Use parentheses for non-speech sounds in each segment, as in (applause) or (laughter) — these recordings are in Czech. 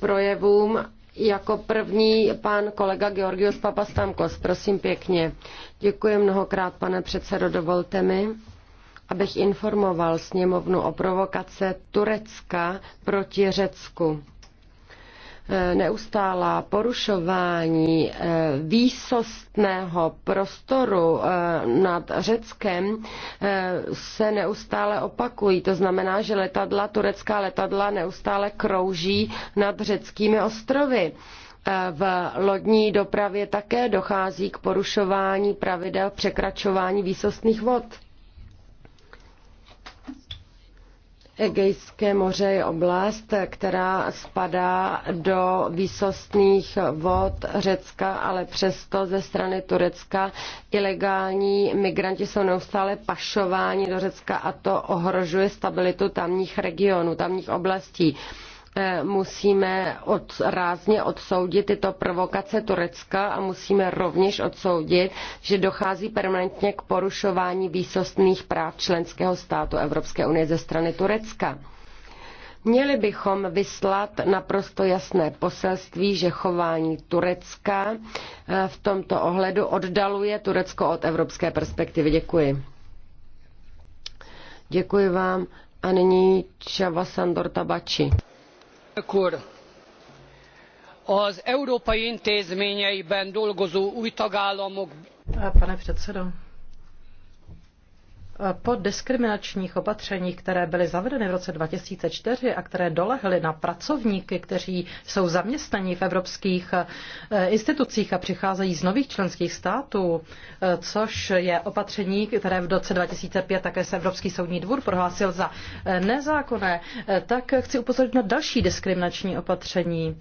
projevům. Jako první pan kolega Georgios Papastamkos, prosím pěkně. Děkuji mnohokrát, pane předsedo, dovolte mi abych informoval sněmovnu o provokace Turecka proti Řecku. Eh, neustálá porušování eh, výsostného prostoru eh, nad Řeckem se neustále opakují. To znamená, že letadla, turecká letadla neustále krouží nad řeckými ostrovy. V lodní dopravě také dochází k porušování pravidel překračování výsostných vod. Egejské moře je oblast, která spadá do výsostných vod Řecka, ale přesto ze strany Turecka ilegální migranti jsou neustále pašováni do Řecka a to ohrožuje stabilitu tamních regionů, tamních oblastí. E, musíme od, rázně odsoudit tyto provokace Turecka a musíme rovněž odsoudit, že dochází permanentně k porušování výsostných práv členského státu Evropské unie ze strany Turecka. Měli bychom vyslat naprosto jasné poselství, že chování Turecka e, v tomto ohledu oddaluje Turecko od evropské perspektivy. Děkuji. Děkuji vám. A nyní Čava Sandor Tabači az európai intézményeiben dolgozó új tagállamok. pane předsedo po diskriminačních opatřeních, které byly zavedeny v roce 2004 a které dolehly na pracovníky, kteří jsou zaměstnaní v evropských eh, institucích a přicházejí z nových členských států, eh, což je opatření, které v roce 2005 také se Evropský soudní dvůr prohlásil za eh, nezákonné, tak chci upozornit na další diskriminační opatření.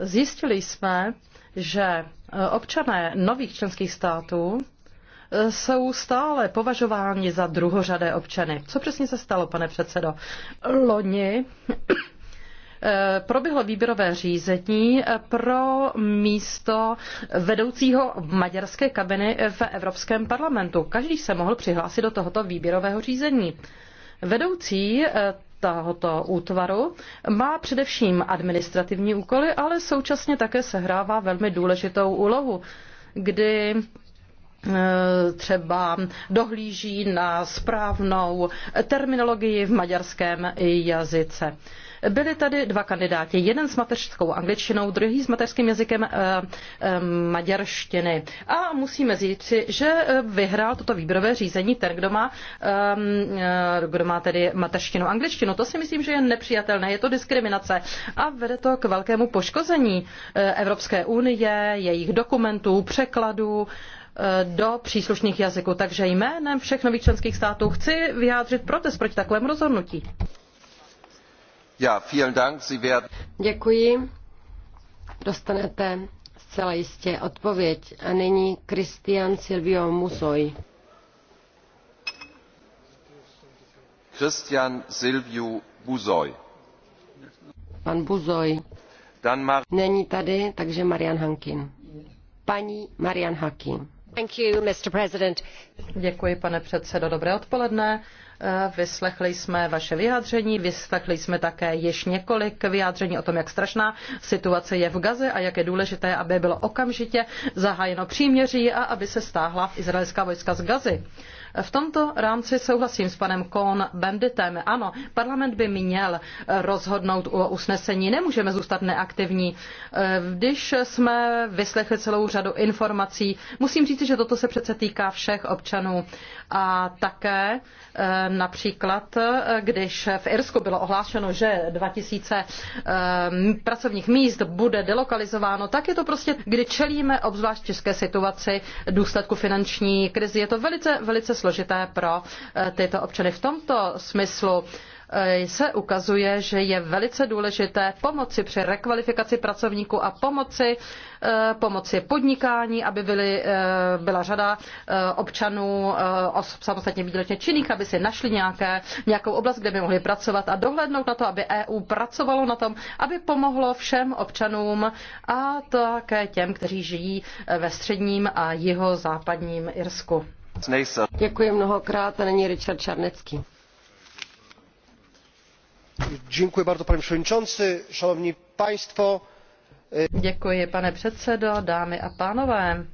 Zjistili jsme, že občané nových členských států jsou stále považováni za druhořadé občany. Co přesně se stalo, pane předsedo? Loni eh, proběhlo výběrové řízení eh, pro místo vedoucího maďarské kabiny v Evropském parlamentu. Každý se mohl přihlásit do tohoto výběrového řízení. Vedoucí eh, tohoto útvaru má především administrativní úkoly, ale současně také sehrává velmi důležitou úlohu, kdy Eh, třeba dohlíží na správnou terminologii v maďarském jazyce. Byli tady dva kandidáti, jeden s mateřskou angličtinou, druhý s mateřským jazykem eh, eh, maďarštiny. A musíme říci, že vyhrál toto výběrové řízení ten, kdo má, ehm, kdo má tedy mateřštinu angličtinu. To si myslím, že je nepřijatelné, je to diskriminace a vede to k velkému poškození Evropské unie, jejich dokumentů, překladů Eh, do příslušných jazyků. Takže jménem všech nových členských států chci vyjádřit protest proti takovému rozhodnutí. Ja, vielen Dank, Sie werden... Děkuji. Dostanete zcela jistě odpověď. A nyní Kristian Silvio Musoj. Christian Silvio Buzoy. Pan Buzoy. Mar- Není tady, takže Marian Hankin. Paní Marian Hakin. Děkuji, pane předsedající Dobré odpoledne. Eh, vyslechli jsme vaše vyjádření, vyslechli jsme také již několik vyjádření o tom, jak strašná situace je v Gaze a jak je důležité, aby bylo okamžitě zahájeno příměří a aby se stáhla izraelská vojska z Gazy. V tomto rámci souhlasím s panem Kohn Benditem. Ano, parlament by měl rozhodnout o usnesení. Nemůžeme zůstat neaktivní. Když jsme vyslechli celou řadu informací, musím říct, že toto se přece týká všech občanů. A také eh, například, eh, když v Irsku bylo ohlášeno, že 2000 eh, pracovních míst bude delokalizováno, tak je to prostě, kdy čelíme obzvlášť české situaci důsledku finanční krizi. Je to velice, velice složité pro tyto občany. V tomto smyslu Eh, se ukazuje, že je velice důležité pomoci při rekvalifikaci pracovníků a pomoci, eh, pomoci podnikání, aby byly, eh, byla řada občanů, osob samostatně výdělečně činných, aby si našli nějaké, nějakou oblast, kde by mohli pracovat a dohlédnout na to, aby EU pracovalo na tom, aby pomohlo všem občanům a také těm, kteří žijí ve středním a jihozápadním Irsku. Děkuji mnohokrát a není Richard Čarnecký pane předsedající Děkuji, pane předsedo, dámy a pánové.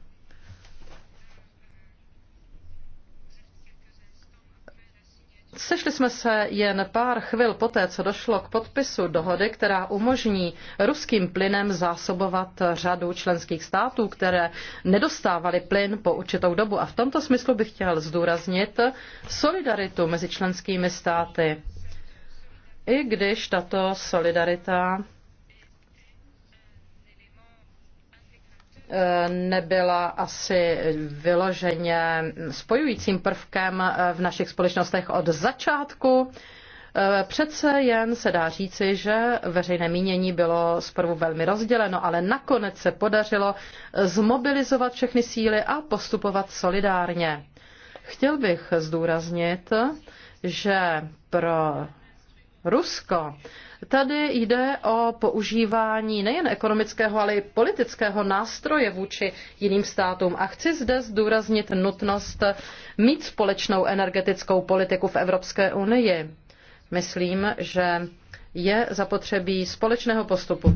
Sešli jsme se jen pár chvil poté, co došlo k podpisu dohody, která umožní ruským plynem zásobovat řadu členských států, které nedostávaly plyn po určitou dobu. A v tomto smyslu bych chtěl zdůraznit solidaritu mezi členskými státy i když tato solidarita eh, nebyla asi vyloženě spojujícím prvkem eh, v našich společnostech od začátku. Eh, přece jen se dá říci, že veřejné mínění bylo zprvu velmi rozděleno, ale nakonec se podařilo zmobilizovat všechny síly a postupovat solidárně. Chtěl bych zdůraznit, že pro Rusko. Tady jde o používání nejen ekonomického, ale i politického nástroje vůči jiným státům. A chci zde zdůraznit nutnost mít společnou energetickou politiku v Evropské unii. Myslím, že je zapotřebí společného postupu.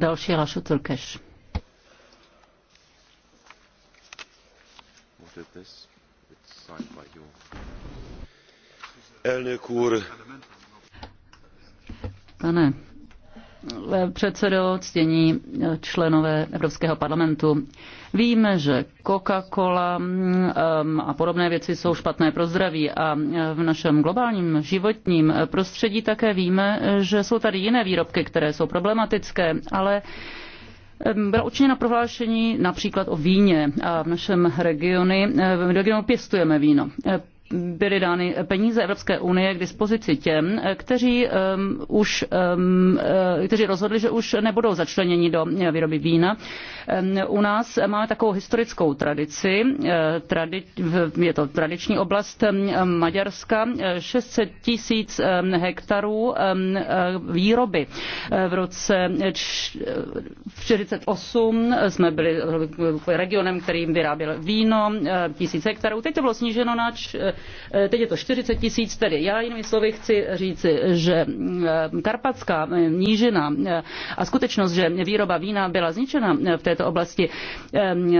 Další Lašu Tulkeš. It's signed by you. Pane předsedo, ctění členové Evropského parlamentu. Víme, že Coca-Cola um, a podobné věci jsou špatné pro zdraví a v našem globálním životním prostředí také víme, že jsou tady jiné výrobky, které jsou problematické, ale um, byla učiněna prohlášení například o víně a v našem regionu, eh, v regionu pěstujeme víno byly dány peníze Evropské unie k dispozici těm, kteří um, už um, uh, kteří rozhodli, že už nebudou začleněni do výroby vína. Um, u nás máme takovou historickou tradici, uh, tradi- je to tradiční oblast um, Maďarska, 600 uh, tisíc um, hektarů um, výroby. V roce 1948 jsme byli regionem, kterým vyráběl víno, tisíc hektarů. Teď to bylo sníženo na Eh, teď je to 40 tisíc, tedy já jinými slovy chci říci, že eh, Karpatská eh, nížina a skutečnost, že výroba vína byla zničena v této oblasti,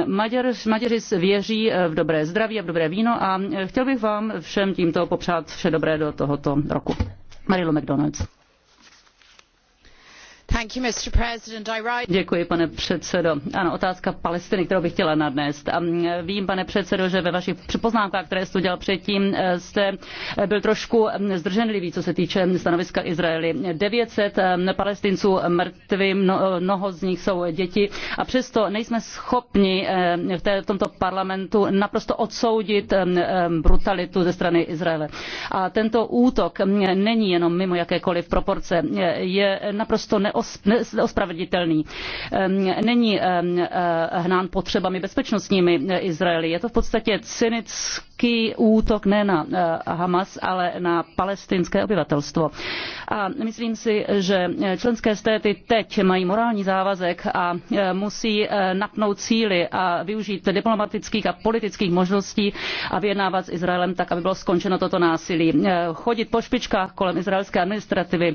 Maďar, Maďaři věří v dobré zdraví a v dobré víno a chtěl bych vám všem tímto popřát vše dobré do tohoto roku. Marilo McDonald's. Děkuji, pane předsedající Ano, otázka Palestiny, kterou bych chtěla nadnést. Mm, vím, pane předsedo, že ve vašich poznámkách, které jste udělal předtím, eh, jste eh, byl trošku eh, zdrženlivý, co se týče stanoviska Izraeli. 900 palestinců mrtvým, mnoho z nich jsou děti a přesto nejsme schopni v tomto parlamentu naprosto odsoudit brutalitu ze strany Izraele. A tento útok mm, není jenom mimo jakékoliv proporce, je naprosto ne neospravedlitelný. Ehm, není ehm, eh, hnán potřebami bezpečnostními eh, Izraeli. Je to v podstatě cynický útok ne na eh, Hamas, ale na palestinské obyvatelstvo. A myslím si, že členské státy teď mají morální závazek a musí napnout cíly a využít diplomatických a politických možností a vyjednávat s Izraelem tak, aby bylo skončeno toto násilí. Chodit po špičkách kolem izraelské administrativy,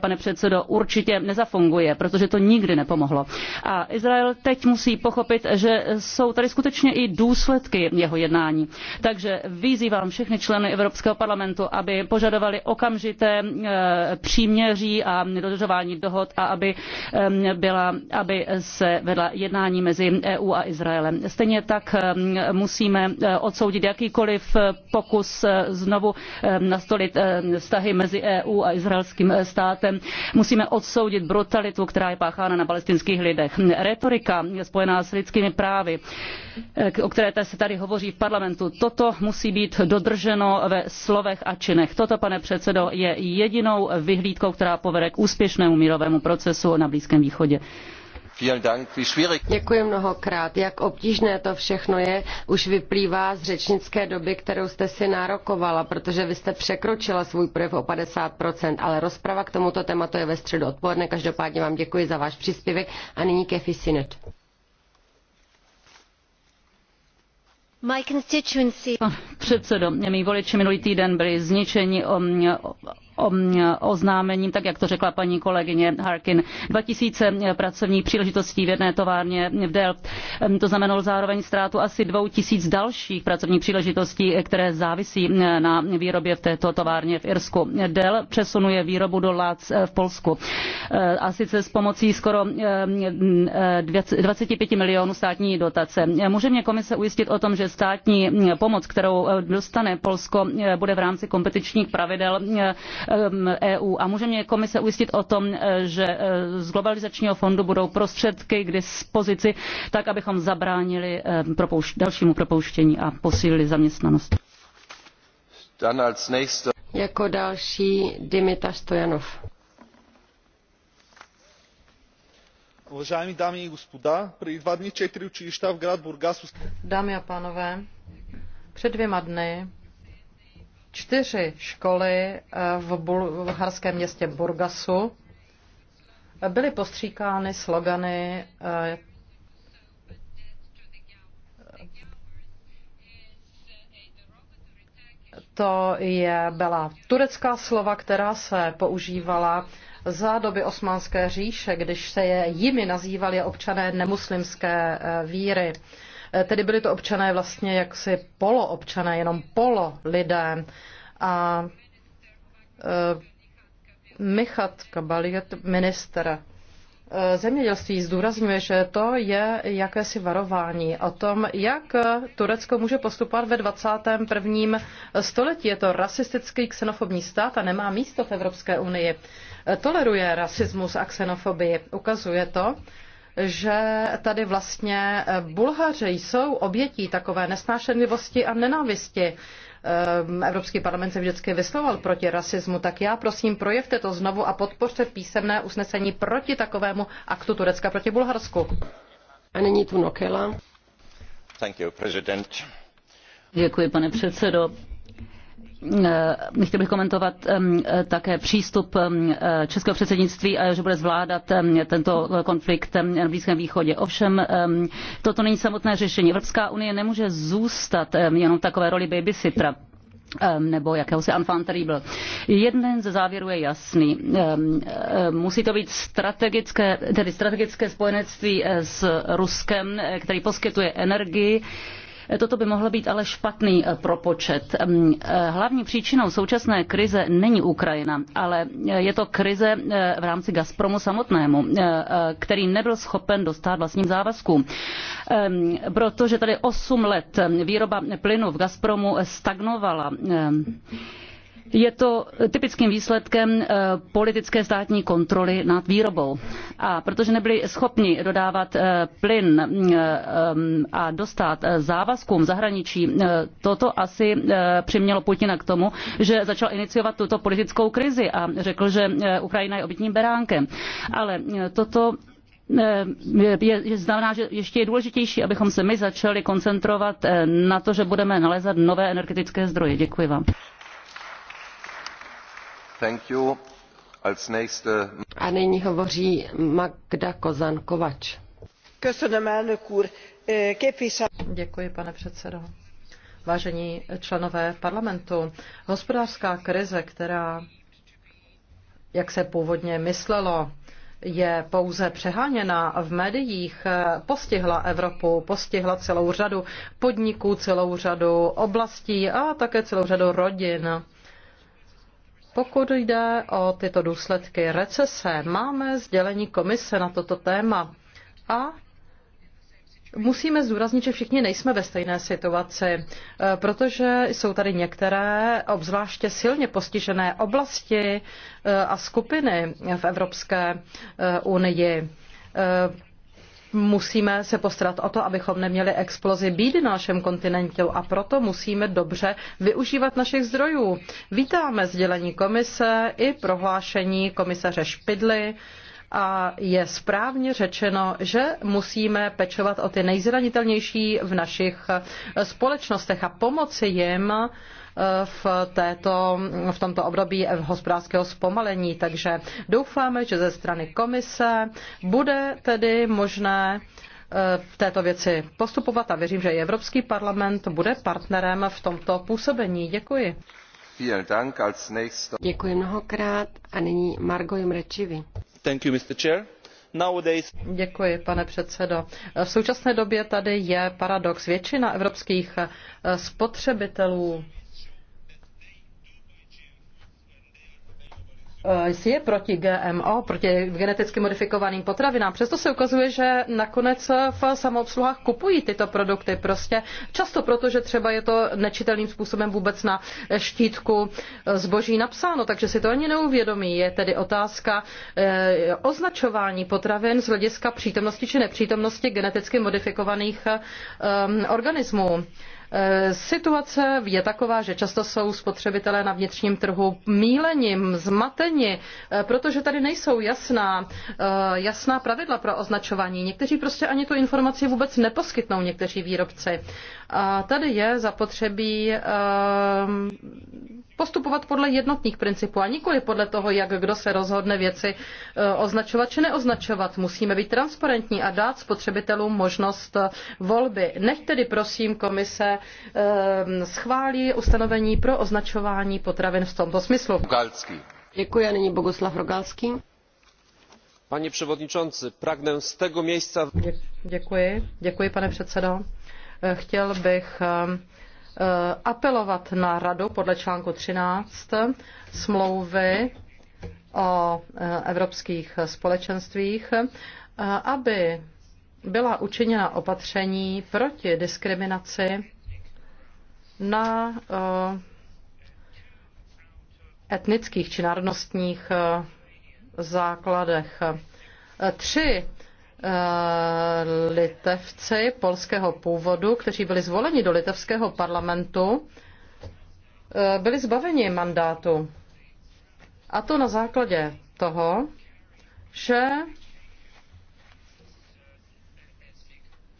pane předsedo, určitě nezapomáhá nezafunguje, protože to nikdy nepomohlo. A Izrael teď musí pochopit, že jsou tady skutečně i důsledky jeho jednání. Takže vyzývám všechny členy Evropského parlamentu, aby požadovali okamžité eh, příměří a dodržování dohod a aby, byla, aby se vedla jednání mezi EU a Izraelem. Stejně tak musíme eh, odsoudit jakýkoliv eh, pokus znovu nastolit vztahy mezi EU a izraelským státem. Musíme odsoudit brutalitu, která je páchána na palestinských lidech. Retorika spojená s lidskými právy, eh, o které se tady hovoří v parlamentu. Toto musí být dodrženo ve slovech a činech. Toto, pane předsedo, je jedinou vyhlídkou, která povede k úspěšnému mírovému procesu na Blízkém východě. Děkuji mnohokrát. Jak obtížné to všechno je, už vyplývá z řečnické doby, kterou jste si nárokovala, protože vy jste překročila svůj projev o 50%, ale rozprava k tomuto tématu je ve středu odpoledne. Každopádně vám děkuji za váš příspěvek a nyní Kefi Sinet. Pane předsedo, mý voliči minulý týden byli zničeni o, um, o, oznámením, tak jak to řekla paní kolegyně Harkin. 2000 pracovních příležitostí v jedné továrně v Delft. To znamenalo zároveň ztrátu asi 2000 dalších pracovních příležitostí, které závisí na výrobě v této továrně v Irsku. Dell přesunuje výrobu do Lac eh, v Polsku. Eh, a sice s pomocí skoro 25 milionů státní dotace. Může mě komise ujistit o tom, že státní pomoc, kterou eh, dostane Polsko, bude v rámci kompetičních pravidel Um, EU. A může mě komise ujistit o tom, eh, že eh, z globalizačního fondu budou prostředky k dispozici, tak abychom zabránili eh, dalšímu propouštění a posílili zaměstnanost. Jako další Dimitar Stojanov. Уважаеми дами и господа, преди два дни четири училища в град Бургас... Dámy a pánové, před dvěma dny čtyři školy eh, v bulharském městě Burgasu byly postříkány slogany eh, To je, byla turecká slova, která se používala za doby osmanské říše, když se je jimi nazývali občané nemuslimské eh, víry. Eh, tedy byli to občané vlastně jaksi poloobčané, jenom polo lidé. A eh, Michat Kabaliet, minister eh, zemědělství, zdůrazňuje, že to je jakési varování o tom, jak Turecko může postupovat ve 21. století. Je to rasistický xenofobní stát a nemá místo v Evropské unii. Toleruje rasismus a xenofobii. Ukazuje to, že tady vlastně eh, Bulhaři jsou obětí takové nesnášenlivosti a nenávisti. Ehm, Evropský parlament se vždycky vysloval proti rasismu, tak já prosím projevte to znovu a podpořte písemné usnesení proti takovému aktu Turecka proti Bulharsku. A nyní tu Nokela. Thank you, president. Děkuji, pane předsedo Eh, chtěl bych komentovat eh, také přístup eh, českého předsednictví a že bude zvládat tento konflikt na Blízkém východě. Ovšem, toto není samotné řešení. Evropská unie nemůže zůstat jenom takové roli babysitra nebo jakéhosi enfant terrible. Jeden ze závěrů je jasný. Musí to být strategické, tedy strategické spojenectví s Ruskem, který poskytuje energii Toto by mohlo být ale špatný eh, propočet. Ehm, eh, hlavní příčinou současné krize není Ukrajina, ale eh, je to krize v rámci Gazpromu samotnému, který nebyl schopen dostat vlastním závazkům. Ehm, protože tady 8 let výroba plynu v Gazpromu stagnovala. Ehm, je to typickým výsledkem eh, politické státní kontroly nad výrobou. A protože nebyli schopni dodávat eh, plyn eh, a dostat závazkům zahraničí, toto asi přimělo Putina k tomu, že začal iniciovat tuto politickou krizi a řekl, že Ukrajina je obytním beránkem. Ale toto je, je, znamená, že ještě je důležitější, abychom se my začali koncentrovat na to, že budeme nalézat nové energetické zdroje. Děkuji vám. A nyní hovoří Magda Kozan-Kovač. Děkuji, pane předsedo. Vážení členové parlamentu, hospodářská krize, která, jak se původně myslelo, je pouze přeháněná v médiích, postihla Evropu, postihla celou řadu podniků, celou řadu oblastí a také celou řadu rodin. Pokud jde o tyto důsledky recese, máme sdělení komise na toto téma a Musíme zdůraznit, že všichni nejsme ve stejné situaci, e, protože jsou tady některé obzvláště silně postižené oblasti e, a skupiny v Evropské e, unii musíme se postarat o to, abychom neměli explozi bídy na našem kontinentu a proto musíme dobře využívat našich zdrojů. Vítáme sdělení komise i prohlášení komisaře Špidly, a je správně řečeno, že musíme pečovat o ty nejzranitelnější v našich společnostech a pomoci jim v, této, v tomto období hospodářského zpomalení. Takže doufáme, že ze strany komise bude tedy možné eh, v této věci postupovat a věřím, že i Evropský parlament bude partnerem v tomto působení. Děkuji. Děkuji mnohokrát a nyní Margo Jimrečivi. Thank you, Mr. Chair. Nowadays... Děkuji, pane předsedo. V současné době tady je paradox. Většina evropských eh, spotřebitelů Eh, je proti GMO, proti geneticky modifikovaným potravinám. Přesto se ukazuje, že nakonec v samoobsluhách kupují tyto produkty prostě často proto, že třeba je to nečitelným způsobem vůbec na štítku eh, zboží napsáno, takže si to ani neuvědomí. Je tedy otázka eh, označování potravin z hlediska přítomnosti či nepřítomnosti geneticky modifikovaných organismů. Eh, situace je taková, že často jsou spotřebitelé na vnitřním trhu mílením, zmateni, eh, protože tady nejsou jasná, eh, jasná pravidla pro označování. Někteří prostě ani tu informaci vůbec neposkytnou, někteří výrobci. A tady je zapotřebí postupovat podle jednotných principů a nikoli podle toho, jak kdo se rozhodne věci e, označovat či neoznačovat. Musíme být transparentní a dát spotřebitelům možnost e, volby. Nech tedy prosím komise e, schválí ustanovení pro označování potravin v tomto smyslu. Rogalský. Děkuji a nyní Rogalský. Pane przewodniczący, pragnem z tego místa. Děkuji, děkuji pane předsedo. Chtěl bych Eh, apelovat na radu podle článku 13 smlouvy o eh, evropských společenstvích, eh, aby byla učiněna opatření proti diskriminaci na etnických či národnostních základech. Tři Eh, litevci polského původu, kteří byli zvoleni do litevského parlamentu, eh, byli zbaveni mandátu. A to na základě toho, že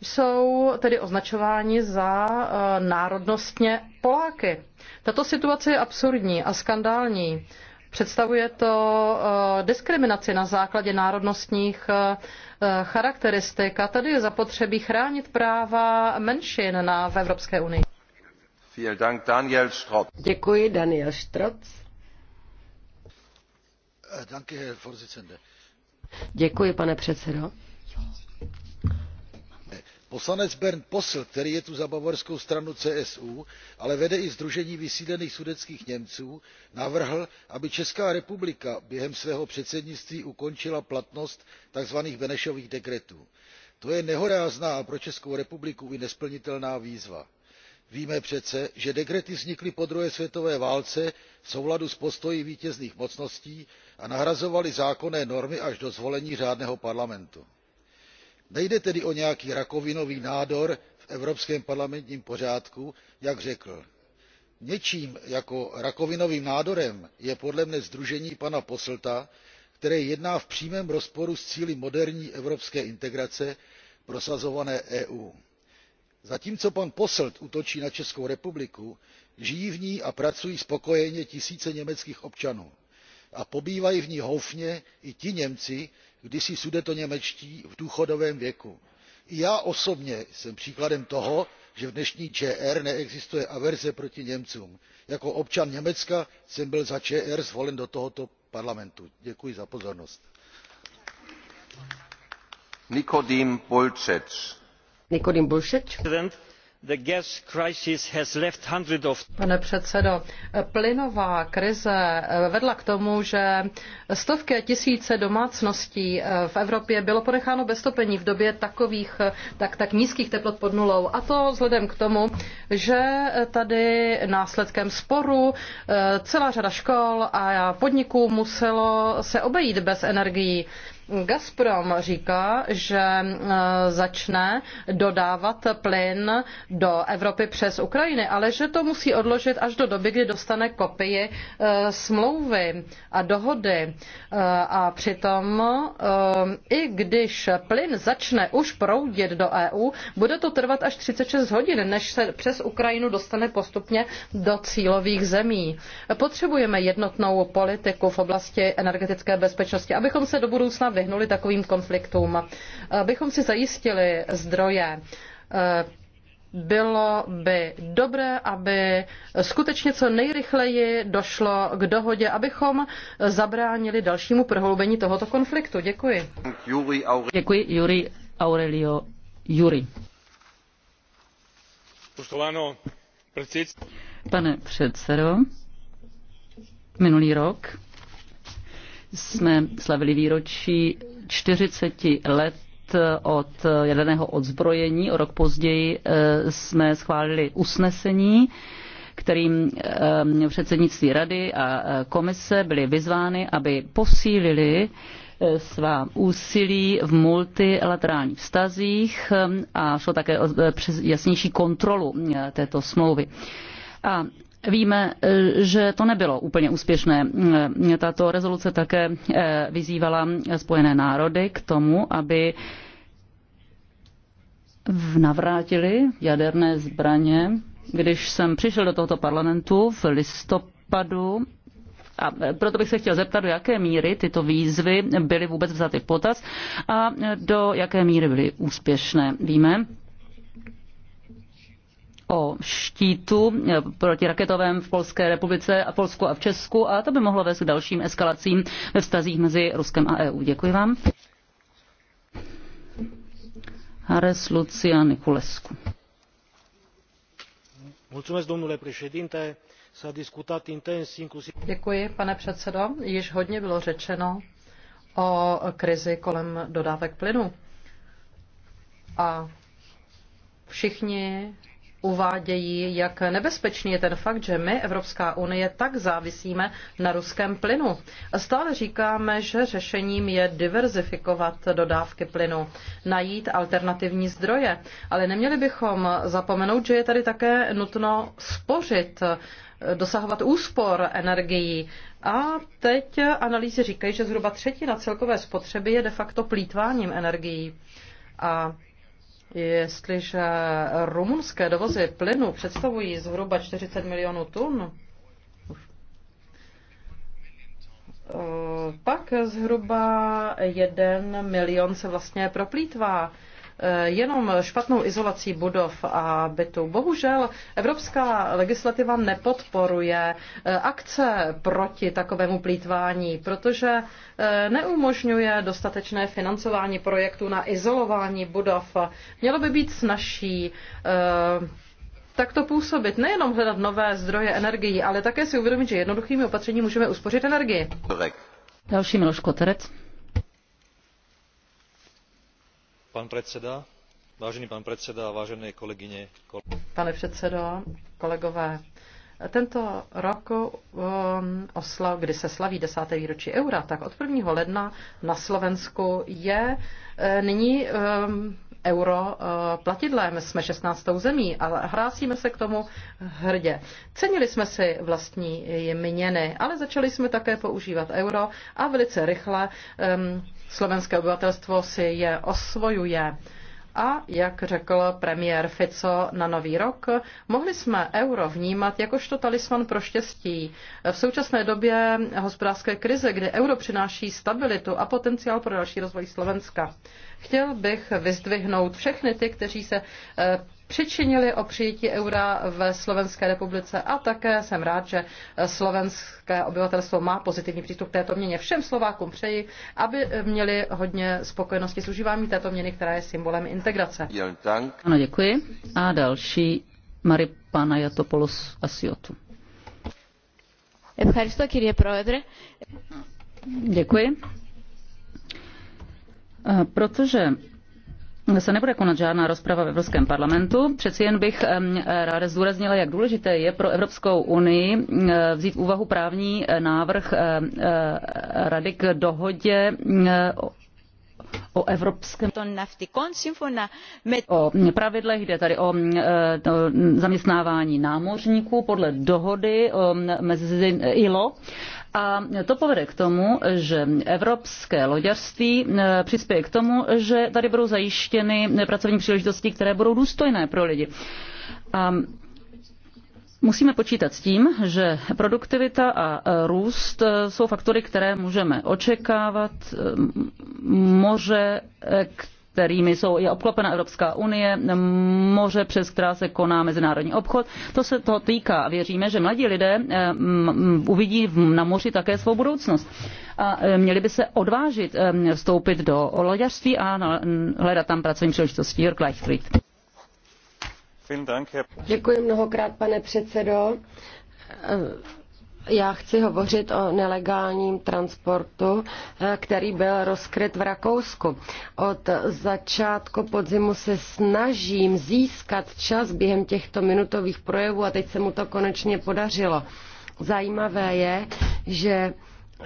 jsou tedy označováni za eh, národnostně Poláky. Tato situace je absurdní a skandální. Představuje to eh, diskriminaci na základě národnostních eh, charakteristik a tady je zapotřebí chránit práva menšin na, v Evropské unii. Děkuji, Daniel Strotz. Děkuji, pane předsedo poslanec bernd posselt který je tu za bavorskou stranu csu ale vede i sdružení vysídlených sudetských němců navrhl aby česká republika během svého předsednictví ukončila platnost tzv. benešových dekretů. to je nehorázná a pro českou republiku i nesplnitelná výzva. víme přece že dekrety vznikly po druhé světové válce v souladu s postoji vítězných mocností a nahrazovaly zákonné normy až do zvolení řádného parlamentu nejde tedy o nějaký rakovinový nádor v evropském parlamentním pořádku jak řekl. něčím jako rakovinovým nádorem je podle mne sdružení pana posselta které jedná v přímém rozporu s cíli moderní evropské integrace prosazované eu. zatímco pan posselt útočí na českou republiku žijí v ní a pracují spokojeně tisíce německých občanů a pobývají v ní houfně i ti němci kdysi sudetoněmečtí v důchodovém věku. i já osobně jsem příkladem toho že v dnešní čr neexistuje averze proti němcům. jako občan německa jsem byl za čr zvolen do tohoto parlamentu. děkuji za pozornost. Nikodim Bulčec. Pane předsedo, plynová krize vedla k tomu, že stovky a tisíce domácností v Evropě bylo ponecháno bez topení v době takových tak, tak nízkých teplot pod nulou. A to vzhledem k tomu, že tady následkem sporu eh, celá řada škol a podniků muselo se obejít bez energií. Gazprom říká, že e, začne dodávat plyn do Evropy přes Ukrajiny, ale že to musí odložit až do doby, kdy dostane kopii e, smlouvy a dohody. E, a přitom, i když plyn začne už proudit do EU, bude to trvat až 36 hodin, než se přes Ukrajinu dostane postupně do cílových zemí. Potřebujeme jednotnou politiku v oblasti energetické bezpečnosti, abychom se do budoucna vyhnuli takovým konfliktům. Abychom si zajistili zdroje, eh, bylo by dobré, aby skutečně co nejrychleji došlo k dohodě, abychom zabránili dalšímu prohloubení tohoto konfliktu. Děkuji. Děkuji, Juri Aurelio Juri. Pane předsedo, minulý rok jsme slavili výročí 40 let od jaderného odzbrojení. O rok později eh, jsme schválili usnesení, kterým eh, předsednictví rady a eh, komise byly vyzvány, aby posílili svá úsilí v multilaterálních vztazích a šlo také o jasnější kontrolu této smlouvy. A Víme, eh, že to nebylo úplně úspěšné. Eh, Tato rezoluce také eh, vyzývala Spojené národy k tomu, aby navrátili jaderné zbraně. Když jsem přišel do tohoto parlamentu v listopadu, a proto bych se chtěl zeptat, do jaké míry tyto výzvy byly vůbec vzaty v potaz a do jaké míry byly úspěšné. Víme, o štítu eh, proti raketovém v Polské republice a Polsku a v Česku a to by mohlo vést k dalším eskalacím ve vztazích mezi Ruskem a EU. Děkuji vám. Hares Lucia Niculescu. Mulțumesc, domnule președinte. S-a discutat intens, inclusiv... Děkuji, pane předsedo. Již hodně bylo řečeno o krizi kolem dodávek plynu. A všichni uvádějí, jak nebezpečný je ten fakt, že my, Evropská unie, tak závisíme na ruském plynu. Stále říkáme, že řešením je diverzifikovat dodávky plynu, najít alternativní zdroje, ale neměli bychom zapomenout, že je tady také nutno spořit, dosahovat úspor energií. A teď analýzy říkají, že zhruba třetina celkové spotřeby je de facto plítváním energií. A Jestliže rumunské dovozy plynu představují zhruba 40 milionů tun, eh, pak zhruba jeden milion se vlastně proplítvá Eh, jenom špatnou izolací budov a bytů. Bohužel evropská legislativa nepodporuje eh, akce proti takovému plítvání, protože eh, neumožňuje dostatečné financování projektů na izolování budov. Mělo by být snažší to působit, nejenom hledat nové zdroje energií, ale také si uvědomit, že jednoduchými opatřeními můžeme uspořit energii. Další Miloš Koterec. Pane předsedo, kolegové, tento rok um, oslav, kdy se slaví desáté výročí eura, tak od 1. ledna na Slovensku je eh, nyní um, euro eh, platidlem. Jsme 16. zemí, ale hrásíme se k tomu hrdě. Cenili jsme si vlastní měny, ale začali jsme také používat euro a velice rychle um, slovenské obyvatelstvo si je osvojuje. A jak řekl premiér Fico na nový rok, mohli jsme euro vnímat jakožto talisman pro štěstí. V současné době hospodářské krize, kdy euro přináší stabilitu a potenciál pro další rozvoj Slovenska. Chtěl bych vyzdvihnout všechny ty, kteří se eh, přičinili o přijetí eura ve Slovenské republice a také jsem rád, že slovenské obyvatelstvo má pozitivní přístup k této měně. Všem Slovákům přeji, aby měli hodně spokojenosti s užíváním této měny, která je symbolem integrace. Ano, děkuji. A další Maripana Jatopoulos Asiotu. Děkuji. E, protože se nebude konat žádná rozprava v Evropském parlamentu. Přeci jen bych ráda zdůraznila, jak důležité je pro Evropskou unii vzít v úvahu právní eh, návrh eh, eh, Rady k dohodě o evropském o pravidlech, jde tady o zaměstnávání námořníků podle dohody mezi ILO. A to povede k tomu, že evropské loďařství e, přispěje k tomu, že tady budou zajištěny pracovní příležitosti, které budou důstojné pro lidi. A Musíme počítat s tím, že produktivita a e, růst e, jsou faktory, které můžeme očekávat. Moře, kterými jsou, je obklopena Evropská unie, moře, přes která se koná mezinárodní obchod. To se to týká. Věříme, že mladí lidé eh, uvidí na moři také svou budoucnost. A eh, měli by se odvážit eh, vstoupit do loďařství a hledat tam pracovní příležitosti. Jörg Leichtried. Děkuji mnohokrát, pane předsedo já chci hovořit o nelegálním transportu, eh, který byl rozkryt v Rakousku. Od začátku podzimu se snažím získat čas během těchto minutových projevů a teď se mu to konečně podařilo. Zajímavé je, že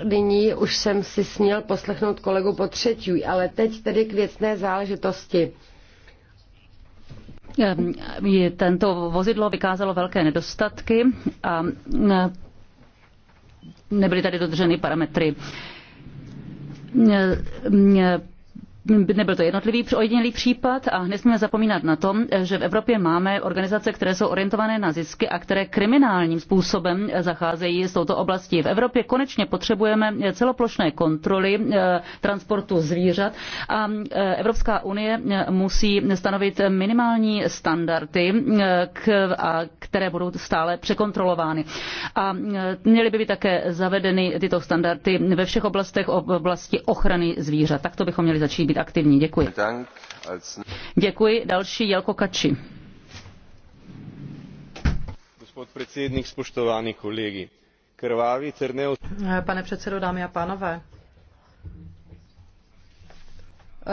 nyní už jsem si směl poslechnout kolegu po třetí, ale teď tedy k věcné záležitosti. Ehm, tento vozidlo vykázalo velké nedostatky a nebyly tady dodrženy parametry nebyl to jednotlivý ojedinělý případ a nesmíme zapomínat na to, že v Evropě máme organizace, které jsou orientované na zisky a které kriminálním způsobem zacházejí s touto oblastí. V Evropě konečně potřebujeme celoplošné kontroly eh, transportu zvířat a eh, Evropská unie eh, musí stanovit minimální standardy, které budou stále překontrolovány. A měly by být také zavedeny tyto standardy ve všech oblastech oblasti ochrany zvířat. Takto bychom měli začít být být aktivní. Děkuji. Děkuji. Další Jelko Kači. Pane předsedo, dámy a pánové,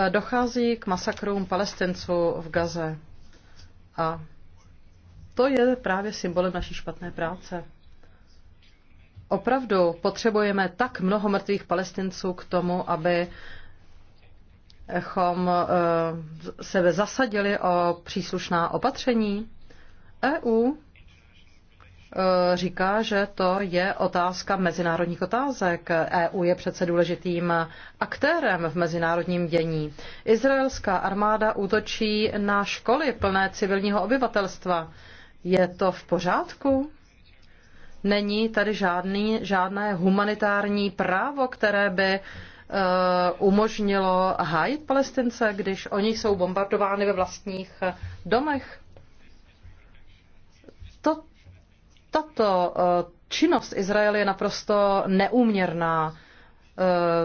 dochází k masakrům palestinců v Gaze. A to je právě symbolem naší špatné práce. Opravdu potřebujeme tak mnoho mrtvých palestinců k tomu, aby chom eh, se zasadili o příslušná opatření. EU eh, říká, že to je otázka mezinárodních otázek. EU je přece důležitým aktérem v mezinárodním dění. Izraelská armáda útočí na školy plné civilního obyvatelstva. Je to v pořádku? Není tady žádný, žádné humanitární právo, které by uh, Eh, umožnilo hájit Palestince, když oni jsou bombardovány ve vlastních eh, domech? To, tato eh, činnost Izraele je naprosto neuměrná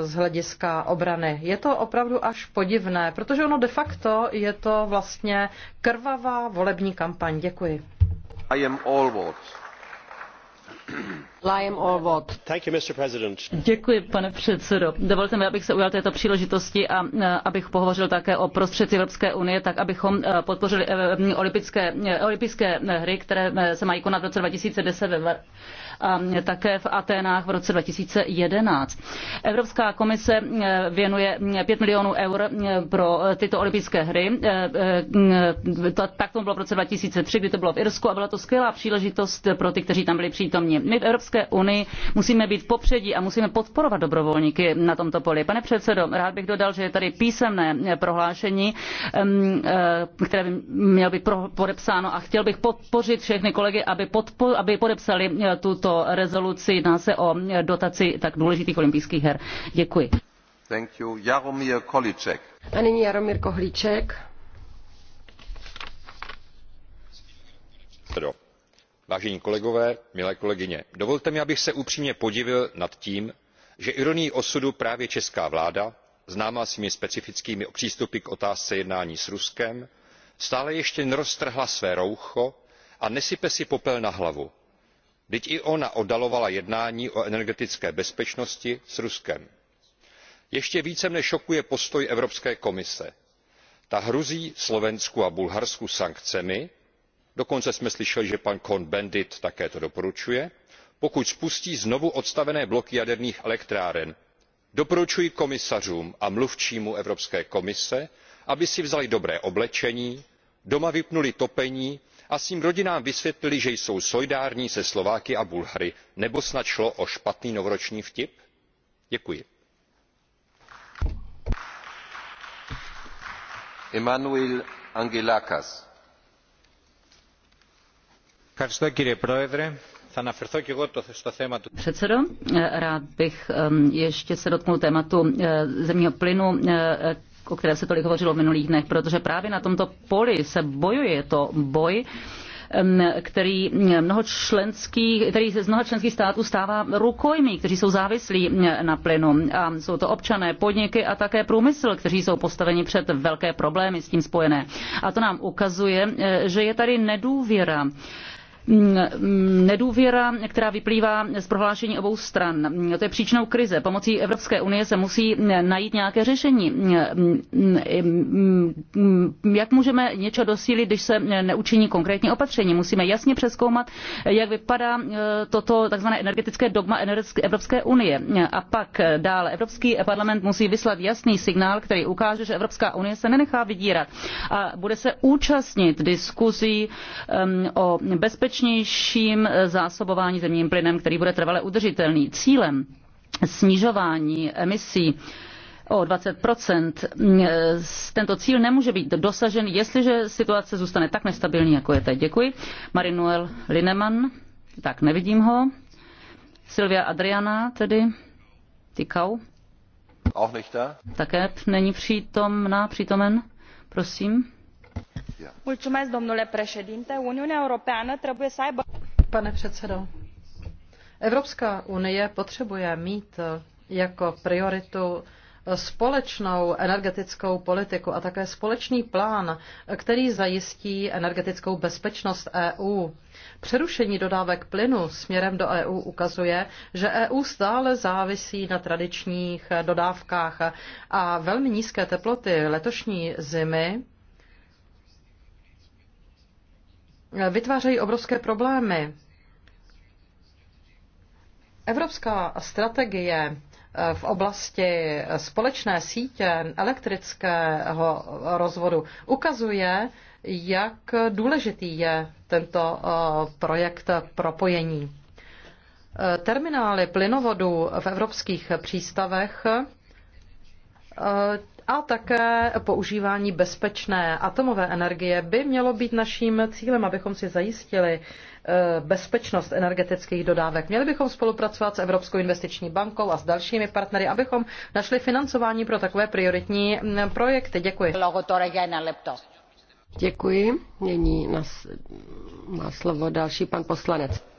z hlediska obrany. Je to opravdu až podivné, protože ono de facto je to vlastně krvavá volební kampaň. Děkuji. I am all words. Děkuji, pane předsedající Dovolte mi, abych se ujal této příležitosti a e, abych pohovořil také o prostředcích Evropské unie, tak abychom e, podpořili e, olympijské, hry, které se mají konat v roce ten ve a také v Aténách v roce 2011. Evropská komise eh, věnuje 5 eh, milionů eur eh, pro tyto olympijské hry. Tak to bylo v roce 2003, kdy to bylo v Irsku a byla to skvělá příležitost pro ty, kteří tam byli přítomni. My v Evropské unii musíme být popředí a musíme podporovat dobrovolníky na tomto poli. Pane předsedo, rád bych dodal, že je tady písemné prohlášení, které by mělo být podepsáno a chtěl bych podpořit všechny kolegy, aby, podpo- aby podepsali tuto tuto rezoluci. Jedná se o dotaci tak důležitých olympijských her. Děkuji. Thank you. Jaromír Kolíček. A nyní Jaromír Kohlíček. vážení kolegové milé kolegyně dovolte mi abych se upřímně podivil nad tím že ironií osudu právě česká vláda známá svými specifickými přístupy k otázce jednání s ruskem stále ještě neroztrhla své roucho a nesype si popel na hlavu vždyť i ona oddalovala jednání o energetické bezpečnosti s ruskem. ještě více mne šokuje postoj evropské komise. ta hrozí slovensku a bulharsku sankcemi dokonce jsme slyšeli že pan cohn bendit také to doporučuje pokud spustí znovu odstavené bloky jaderných elektráren. doporučuji komisařům a mluvčímu evropské komise aby si vzali dobré oblečení doma vypnuli topení a svým rodinám vysvětlili že jsou solidární se slováky a bulhary nebo snad šlo o špatný novoroční vtip? děkuji. Předsedo, eh, rád bych ehm, ještě se dotknul tématu eh, zemního plynu eh, o které se tolik hovořilo v minulých dnech, protože právě na tomto poli se bojuje je to boj který, mnoho členský, který se z mnoha členských států stává rukojmí, kteří jsou závislí na plynu. A jsou to občané, podniky a také průmysl, kteří jsou postaveni před velké problémy s tím spojené. A to nám ukazuje, e, že je tady nedůvěra Mm, nedůvěra, která vyplývá z prohlášení obou stran. To je příčinou krize. Pomocí Evropské unie se musí najít nějaké řešení. Jak můžeme něco dosílit, když se neučiní konkrétní opatření? Musíme jasně přeskoumat, jak vypadá eh, toto tzv. energetické dogma Evropské unie. A pak dále Evropský parlament musí vyslat jasný signál, který ukáže, že Evropská unie se nenechá vydírat a bude se účastnit diskuzí o bezpečnosti bezpečnějším eh, zásobování zemním plynem, který bude trvale udržitelný. Cílem snižování emisí o 20 mm, eh, Tento cíl nemůže být dosažen, jestliže situace zůstane tak nestabilní, jako je teď. Děkuji. Marinuel Lineman, tak nevidím ho. Silvia Adriana, tedy Tykau. Také není přítomná, přítomen, prosím pane evropská unie potřebuje mít eh, jako prioritu eh, společnou energetickou politiku a také společný plán, který zajistí energetickou bezpečnost EU. Přerušení dodávek plynu směrem do EU ukazuje, že EU stále závisí na tradičních eh, dodávkách a velmi nízké teploty letošní zimy vytvářejí obrovské problémy. Evropská strategie eh, v oblasti společné sítě elektrického rozvodu ukazuje, jak důležitý je tento eh, projekt propojení. Eh, terminály plynovodů v evropských přístavech a také používání bezpečné atomové energie by mělo být naším cílem, abychom si zajistili eh, bezpečnost energetických dodávek. Měli bychom spolupracovat s Evropskou investiční bankou a s dalšími partnery, abychom našli financování pro takové prioritní projekty. Děkuji. Děkuji. Nyní má slovo další pan poslanec.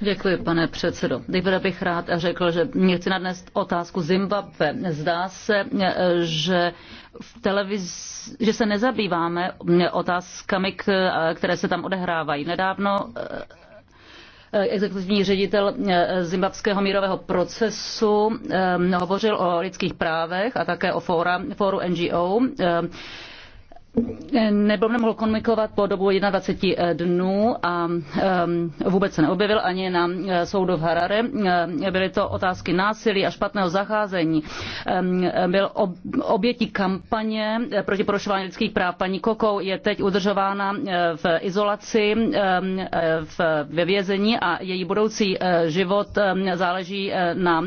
Děkuji, pane předsedo. Nejprve bych rád řekl, že mě chci nadnést otázku Zimbabwe. Zdá se, že v že se nezabýváme otázkami, které se tam odehrávají. Nedávno eh, exekutivní ředitel eh, zimbabského mírového procesu eh, hovořil o lidských právech a také o fóra, fóru NGO nebyl nemohl komunikovat po dobu 21 eh, dnů a ehm, vůbec se neobjevil ani na eh, soudu v Harare. Eh, byly to otázky násilí a špatného zacházení. Ehm, byl obětí kampaně proti porušování lidských práv. Paní Kokou je teď udržována v izolaci ehm, ve vězení a její budoucí život záleží na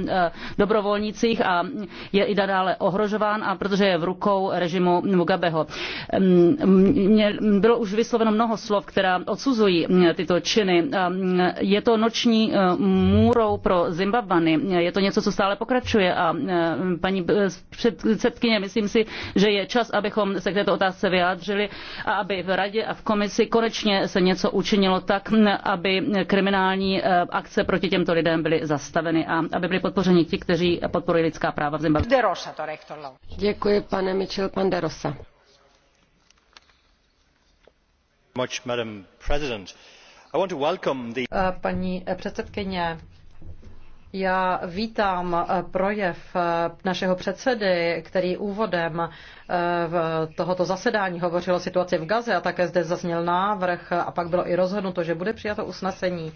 dobrovolnících a je i nadále ohrožován a protože je v rukou režimu Mugabeho bylo už vysloveno mnoho slov, která odsuzují tyto činy. Je to noční e, můrou pro Zimbabvany. Je to něco, co stále pokračuje a e, paní e, předsedkyně, myslím si, že je čas, abychom se k této otázce vyjádřili a aby v radě a v komisi konečně se něco učinilo tak, aby kriminální akce proti těmto lidem byly zastaveny a aby byli podpořeni ti, kteří podporují lidská práva v Zimbabwe. Děkuji, pane Mitchell, pan De Rosa. Paní předsedkyně, já vítám eh, projev eh, našeho předsedy, který úvodem eh, v tohoto zasedání hovořil o situaci v Gaze a také zde zazněl návrh a pak bylo i rozhodnuto, že bude přijato usnesení.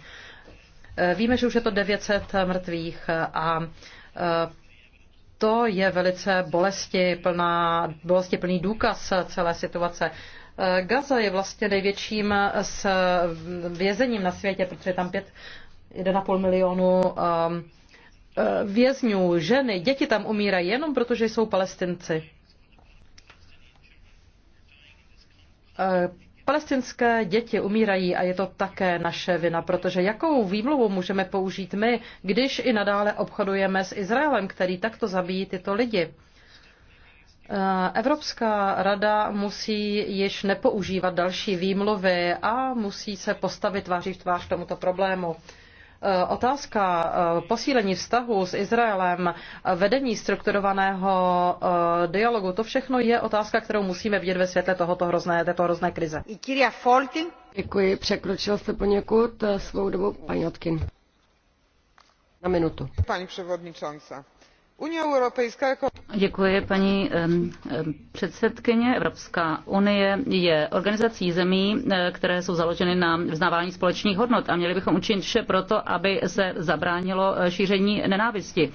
Víme, že už je to hundred mrtvých a to je velice bolesti, plný důkaz celé situace. Gaza je vlastně největším s vězením na světě, protože je tam 5, 1,5 milionu um, eh, vězňů, ženy, děti tam umírají jenom protože jsou palestinci. Eh, palestinské děti umírají a je to také naše vina, protože jakou výmluvu můžeme použít my, když i nadále obchodujeme s Izraelem, který takto zabíjí tyto lidi? Evropská rada musí již nepoužívat další výmluvy a musí se postavit tváří v tvář tomuto problému. E, otázka e, posílení vztahu s Izraelem, vedení strukturovaného e, dialogu, to všechno je otázka, kterou musíme vidět ve světle tohoto hrozné, této hrozné krize. Děkuji, překročil jste poněkud svou dobu, paní Otkin. Na minutu. Paní předsedající jako- Děkuji, paní předsedkyně. Evropská unie je organizací zemí, e, které jsou založeny na vznávání společných hodnot a měli bychom učinit vše to, aby se zabránilo e, šíření nenávisti.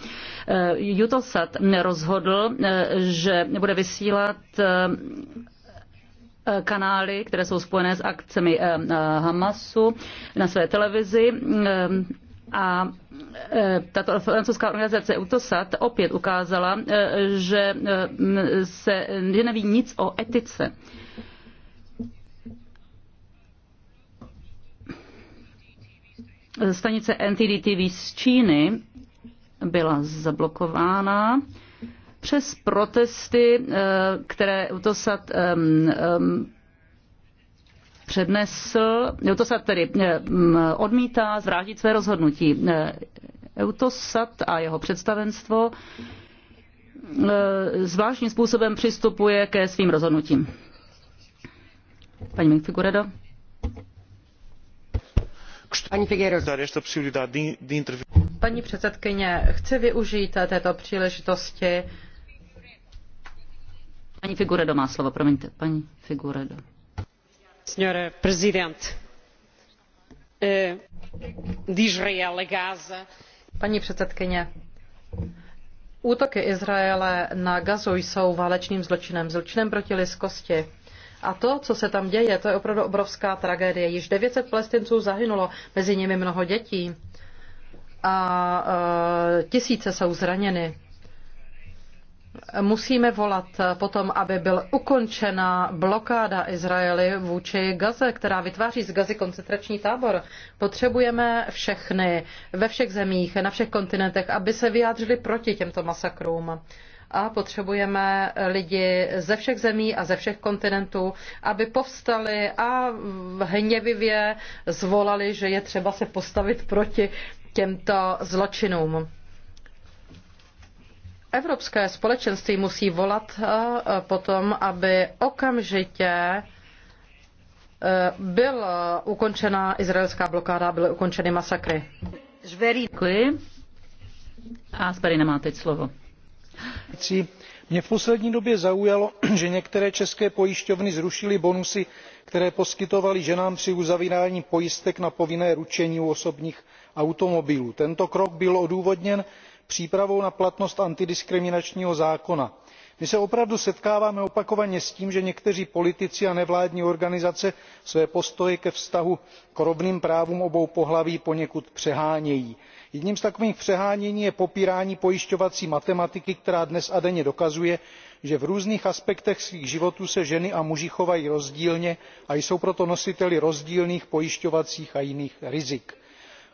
eutelsat rozhodl, e, že bude vysílat kanály, které jsou spojené s akcemi Hamasu na své televizi a e, tato francouzská organizace Utosat opět ukázala, e, že e, se že neví nic o etice. Stanice NTD-TV z Číny byla zablokována přes protesty, které Utosat přednesl, Eutosat no tedy eh, odmítá zvrátit své rozhodnutí. Eh, Eutosat a jeho představenstvo eh, zvláštním způsobem přistupuje ke svým rozhodnutím. Paní Mingfiguredo. Paní předsedkyně, chci využít této příležitosti. Paní Figuredo má slovo, promiňte. Paní Figuredo senhora presidente eh, de Israel a Gaza. Paní předsedkyně, útoky Izraele na Gazu jsou válečným zločinem, zločinem proti lidskosti. A to, co se tam děje, to je opravdu obrovská tragédie. Již 900 palestinců zahynulo, mezi nimi mnoho dětí a eh, tisíce jsou zraněny. Musíme volat potom, aby byla ukončena blokáda Izraeli vůči Gaze, která vytváří z Gazy koncentrační tábor. Potřebujeme všechny ve všech zemích, na všech kontinentech, aby se vyjádřili proti těmto masakrům. A potřebujeme lidi ze všech zemí a ze všech kontinentů, aby povstali a hněvivě zvolali, že je třeba se postavit proti těmto zločinům. Evropské společenství musí volat eh, potom, aby okamžitě eh, byla ukončena izraelská blokáda, byly ukončeny masakry. Děkuji. A Zverina má teď slovo. Mě v poslední době zaujalo, (clears throat) že některé české pojišťovny zrušily bonusy, které poskytovaly ženám při uzavírání pojistek na povinné ručení u osobních automobilů. Tento krok byl odůvodněn přípravou na platnost antidiskriminačního zákona. my se opravdu setkáváme opakovaně s tím že někteří politici a nevládní organizace své postoje ke vztahu k rovným právům obou pohlaví poněkud přehánějí. jedním z takových přehánění je popírání pojišťovací matematiky která dnes a denně dokazuje že v různých aspektech svých životů se ženy a muži chovají rozdílně a jsou proto nositeli rozdílných pojišťovacích a jiných rizik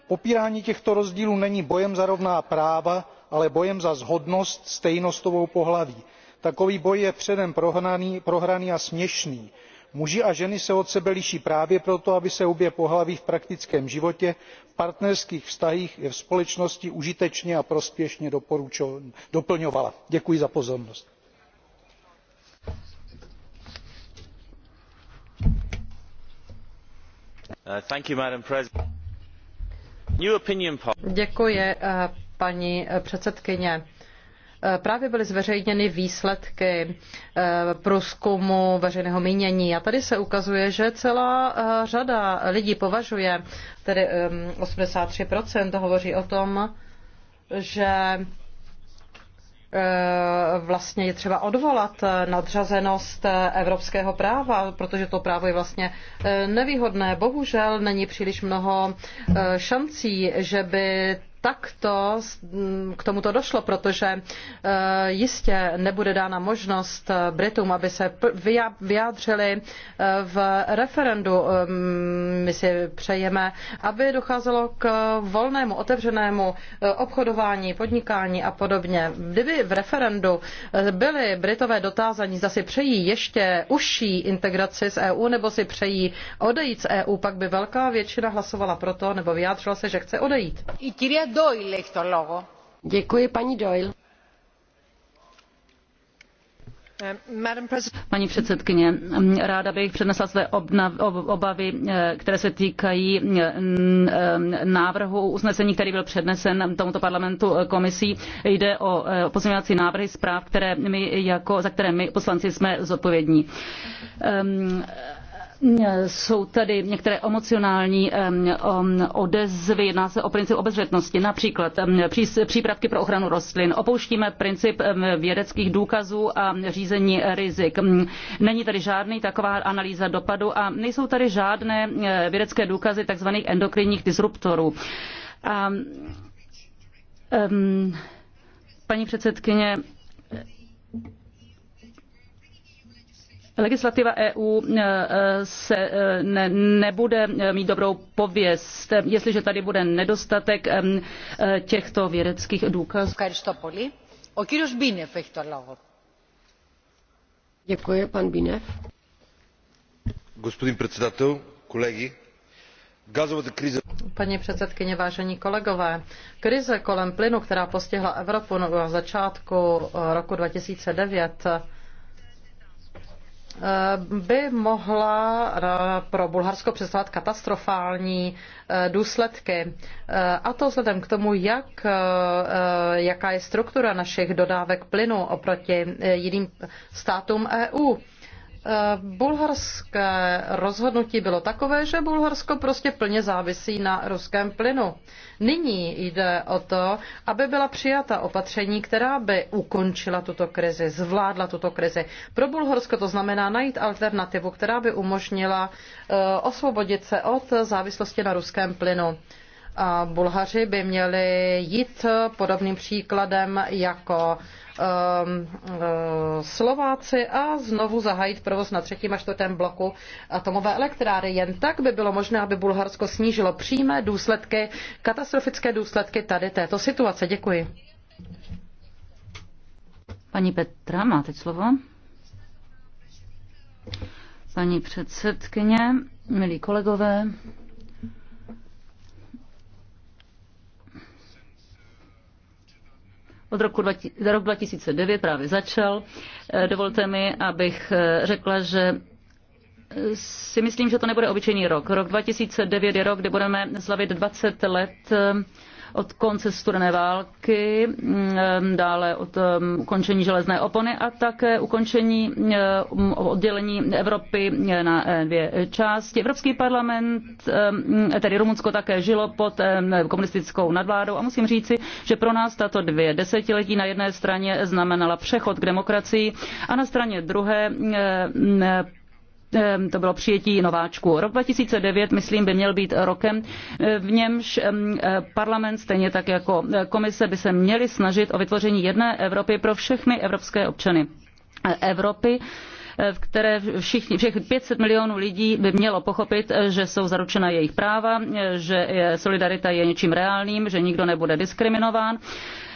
popírání těchto rozdílů není bojem za rovná práva ale bojem za shodnost stejnost obou pohlaví. takový boj je předem prohraný a směšný. muži a ženy se od sebe liší právě proto aby se obě pohlaví v praktickém životě v partnerských vztazích i ve společnosti užitečně a prospěšně doplňovala. děkuji za pozornost. Uh, Děkuji, eh, paní eh, předsedkyně. Eh, právě byly zveřejněny výsledky průzkumu veřejného mínění a tady se ukazuje, že celá řada lidí považuje, tedy 83% hovoří o tom, že Eh, vlastně je třeba odvolat eh, nadřazenost eh, evropského práva, protože to právo je vlastně nevýhodné. Bohužel není příliš mnoho šancí, že by takto k tomuto došlo, protože e, jistě nebude dána možnost e, Britům, aby se vyjádřili e, v referendu. My si přejeme, aby docházelo k volnému, otevřenému obchodování, podnikání a podobně. Kdyby v referendu byly Britové dotázaní, zda si přejí ještě užší integraci s EU nebo si přejí odejít z EU, pak by velká většina hlasovala proto nebo vyjádřila se, že chce odejít. I Děkuji, paní Doyle. Eh, paní předsedkyně, mm, ráda bych přednesla své obavy, eh, které se týkají mm, mm, návrhu usnesení, který byl přednesen tomuto parlamentu eh, komisí. Jde o pozměňovací návrhy zpráv, jako- za které my poslanci jsme zodpovědní. Ehm, jsou tady některé emocionální odezvy, jedná se o princip obezřetnosti, například přípravky pro ochranu rostlin. Opouštíme princip vědeckých důkazů a řízení rizik. Není tady žádný taková analýza dopadu a nejsou tady žádné e, vědecké důkazy tzv. endokrinních disruptorů. A, um, paní předsedkyně, Legislativa EU e, se e, ne, nebude e, mít dobrou pověst, jestliže tady bude nedostatek těchto vědeckých důkazů. Děkuji, pan Binev. Paní předsedkyně, vážení kolegové, krize kolem plynu, která postihla Evropu na začátku roku 2009, Eh, by mohla eh, pro Bulharsko představovat katastrofální eh, důsledky. A to vzhledem k tomu, jak, jaká je struktura našich dodávek plynu oproti jiným státům EU. Eh, bulharské rozhodnutí bylo takové, že Bulharsko prostě plně závisí na ruském plynu. Nyní jde o to, aby byla přijata opatření, která by ukončila tuto krizi, zvládla tuto krizi. Pro Bulharsko to znamená najít alternativu, která by umožnila eh, osvobodit se od závislosti na ruském plynu a Bulhaři by měli jít podobným příkladem jako um, uh, Slováci a znovu zahájit provoz na třetím a čtvrtém bloku atomové elektrárny. Jen tak by bylo možné, aby Bulharsko snížilo přímé důsledky, katastrofické důsledky tady této situace. Děkuji. Paní Petra, máte slovo? Paní předsedkyně, milí kolegové, od roku rok 2009 právě začal. Eh, dovolte mi, abych eh, řekla, že eh, si myslím, že to nebude obyčejný rok. Rok 2009 je rok, kdy budeme slavit 20 let od konce studené války, mm, eh, dále od eh, ukončení železné opony a také ukončení eh, oddělení Evropy na dvě části. Evropský parlament, tedy Rumunsko také žilo pod komunistickou nadvládou a musím říci, že pro nás tato dvě desetiletí na jedné straně znamenala přechod k demokracii a na straně druhé Ehm, to bylo přijetí nováčku. Rok 2009, myslím, by měl být rokem, eh, v němž ehm, eh, parlament, stejně tak jako eh, komise, by se měli snažit o vytvoření jedné Evropy pro všechny evropské občany. Evropy, v které všichni, všech 500 milionů lidí by mělo pochopit, že jsou zaručena jejich práva, že solidarita je něčím reálným, že nikdo nebude diskriminován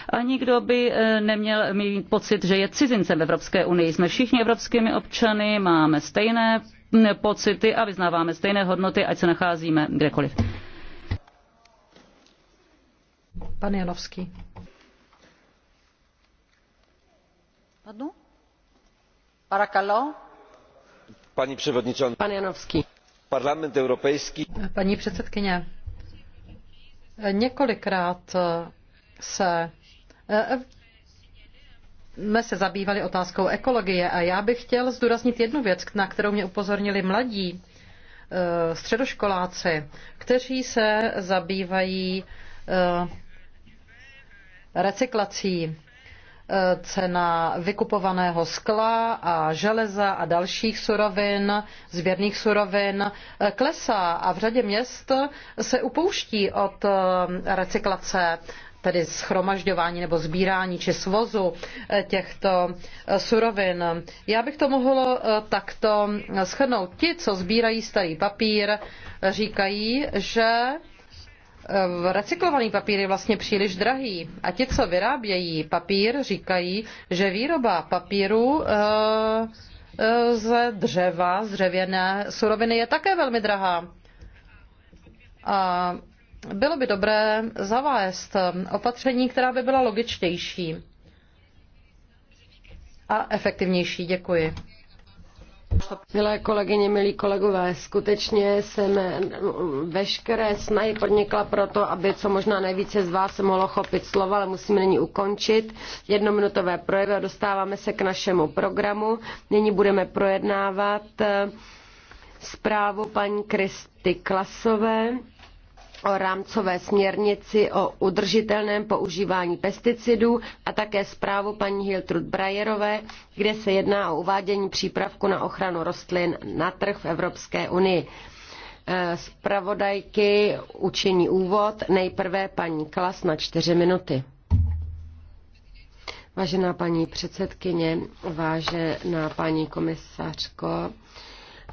a nikdo by eh, neměl mít pocit, že je cizincem v Evropské unii. Jsme všichni evropskými občany, máme stejné pocity a vyznáváme stejné hodnoty, ať se nacházíme kdekoliv. Pan Janovský. Pardon? Parakalo? Pani předsedkyně. Pan Janovský. Parlament Europejský. Paní předsedkyně, několikrát se jsme se zabývali otázkou ekologie a já bych chtěl zdůraznit jednu věc, na kterou mě upozornili mladí eh, středoškoláci, kteří se zabývají eh, recyklací eh, cena vykupovaného skla a železa a dalších surovin, sběrných surovin klesá a v řadě měst se upouští od recyklace tedy schromažďování nebo sbírání či svozu eh, těchto eh, surovin. Já bych to mohl eh, takto schrnout. Ti, co sbírají starý papír, říkají, že Recyklovaný papír je vlastně příliš drahý a ti, co vyrábějí papír, říkají, že výroba papíru z dřeva, z dřevěné suroviny je také velmi drahá. A bylo by dobré zavést um, opatření, která by byla logičtější a efektivnější. Děkuji. Milé kolegyně, milí kolegové, skutečně jsem um, veškeré snahy podnikla proto, aby co možná nejvíce z vás se mohlo chopit slova, ale musíme nyní ukončit jednominutové projevy a dostáváme se k našemu programu. Nyní budeme projednávat eh, zprávu paní Kristy Klasové o rámcové směrnici o udržitelném používání pesticidů a také zprávu paní Hiltrud Brajerové, kde se jedná o uvádění přípravku na ochranu rostlin na trh v Evropské unii. Eh, zpravodajky učiní úvod, nejprve paní Klas na čtyři minuty. Vážená paní předsedkyně, vážená paní komisařko,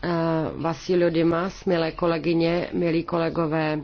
eh, Vasilio Dimas, milé kolegyně, milí kolegové,